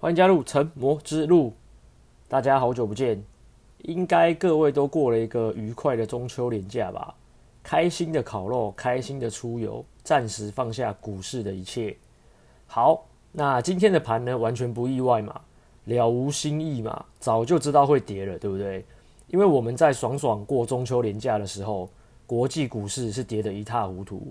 歡迎加入成魔之路，大家好久不見，應該各位都過了一個愉快的中秋連假吧？開心的烤肉，開心的出遊，暫時放下股市的一切。好，那今天的盤呢，完全不意外嘛，了無新意嘛，早就知道會跌了，對不對？因為我們在爽爽過中秋連假的時候，國際股市是跌得一塌糊塗，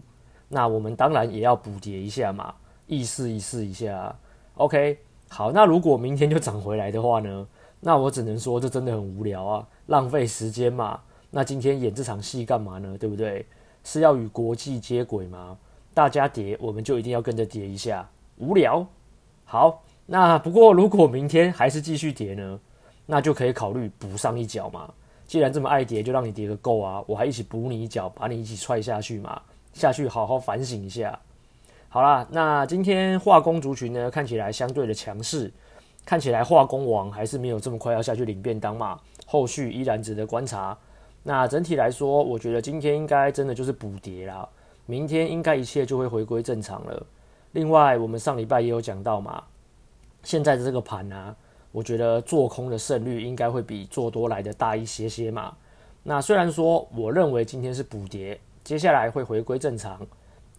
那我們當然也要補跌一下嘛，意思意思一下，啊。OK。好，那如果明天就漲回來的話呢？那我只能說這真的很無聊啊，浪費時間嘛。那今天演這場戲幹嘛呢？對不對？是要與國際接軌嗎？大家跌，我們就一定要跟着跌一下，無聊。好，那不過如果明天還是繼續跌呢？那就可以考慮補上一腳嘛。既然這麼愛跌，就讓你跌個夠啊！我還一起補你一腳，把你一起踹下去嘛。下去好好反省一下。好啦，那今天化工族群呢，看起來相對的強勢，看起來化工王還是沒有這麼快要下去領便當嘛，後續依然值得觀察。那整體來說，我覺得今天應該真的就是補跌啦，明天應該一切就會回歸正常了。另外，我們上禮拜也有講到嘛，現在的這個盤啊，我覺得做空的勝率應該會比做多來的大一些些嘛。那雖然說，我認為今天是補跌，接下來會回歸正常。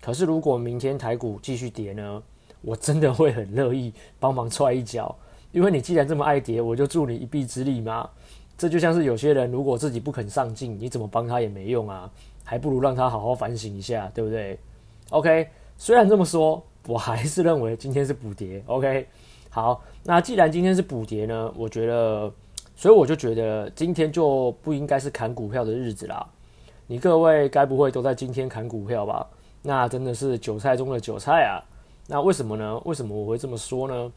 可是，如果明天台股繼續跌呢？我真的會很樂意幫忙踹一腳，因為你既然這麼愛跌，我就助你一臂之力嘛。這就像是有些人如果自己不肯上進，你怎麼幫他也沒用啊，還不如讓他好好反省一下，對不對？OK，雖然這麼說，我還是認為今天是補跌。OK，好，那既然今天是補跌呢，我覺得，所以我就覺得今天就不應該是砍股票的日子啦。你各位該不會都在今天砍股票吧？那真的是韭菜中的韭菜啊！那為什麼呢？為什麼我會這麼說呢？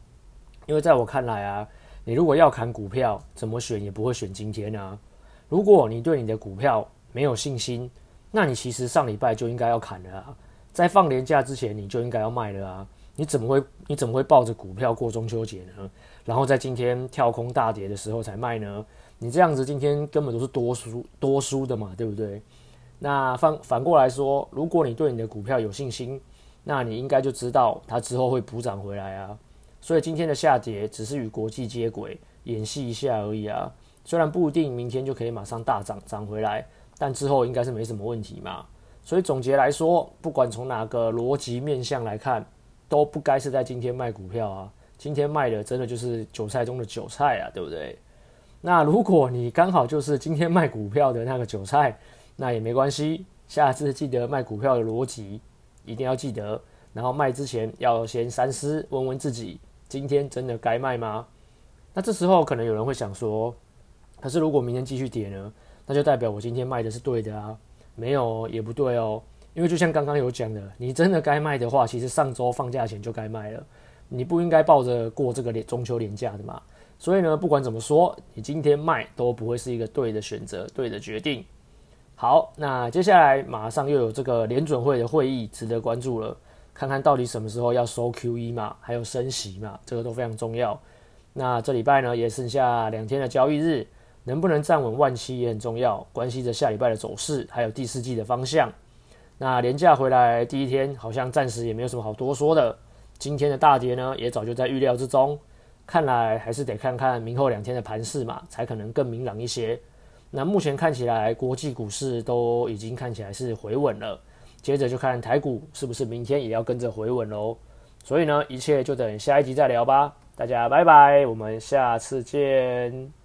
因為在我看來啊，你如果要砍股票，怎麼選也不會選今天啊。如果你對你的股票沒有信心，那你其實上禮拜就應該要砍了啊，在放連假之前你就應該要賣了啊。你怎麼會你怎麼會抱着股票過中秋節呢？然後在今天跳空大跌的時候才賣呢？你這樣子今天根本都是多輸多輸的嘛，對不對？那反反過來說，如果你對你的股票有信心，那你應該就知道它之後會補漲回來啊。所以今天的下跌只是與國際接軌，演戲一下而已啊。雖然不一定明天就可以馬上大漲漲回來，但之後應該是沒什麼問題嘛。所以總結來說，不管從哪個邏輯面向來看，都不該是在今天賣股票啊。今天賣的真的就是韭菜中的韭菜啊，對不對？那如果你剛好就是今天賣股票的那個韭菜，那也沒關係，下次記得賣股票的邏輯一定要記得，然後賣之前要先三思，問問自己，今天真的該賣嗎？那這時候可能有人會想說，可是如果明天繼續跌呢？那就代表我今天賣的是對的啊？沒有也不對哦，因為就像剛剛有講的，你真的該賣的話，其實上週放假前就該賣了，你不應該抱着過這個中秋連假的嘛。所以呢，不管怎麼說，你今天賣都不會是一個對的選擇，對的決定。好，那接下來馬上又有這個聯準會的會議值得關注了，看看到底什麼時候要收 QE 嘛，還有升息嘛，這個都非常重要。那這禮拜呢也剩下兩天的交易日，能不能站穩萬七也很重要，關係着下禮拜的走勢，還有第四季的方向。那連假回來第一天好像暫時也沒有什麼好多說的，今天的大跌呢也早就在預料之中，看來還是得看看明後兩天的盤勢嘛，才可能更明朗一些。那目前看起來，國際股市都已經看起來是回穩了。接着就看台股是不是明天也要跟着回穩嘍？所以呢，一切就等下一集再聊吧。大家拜拜，我們下次見。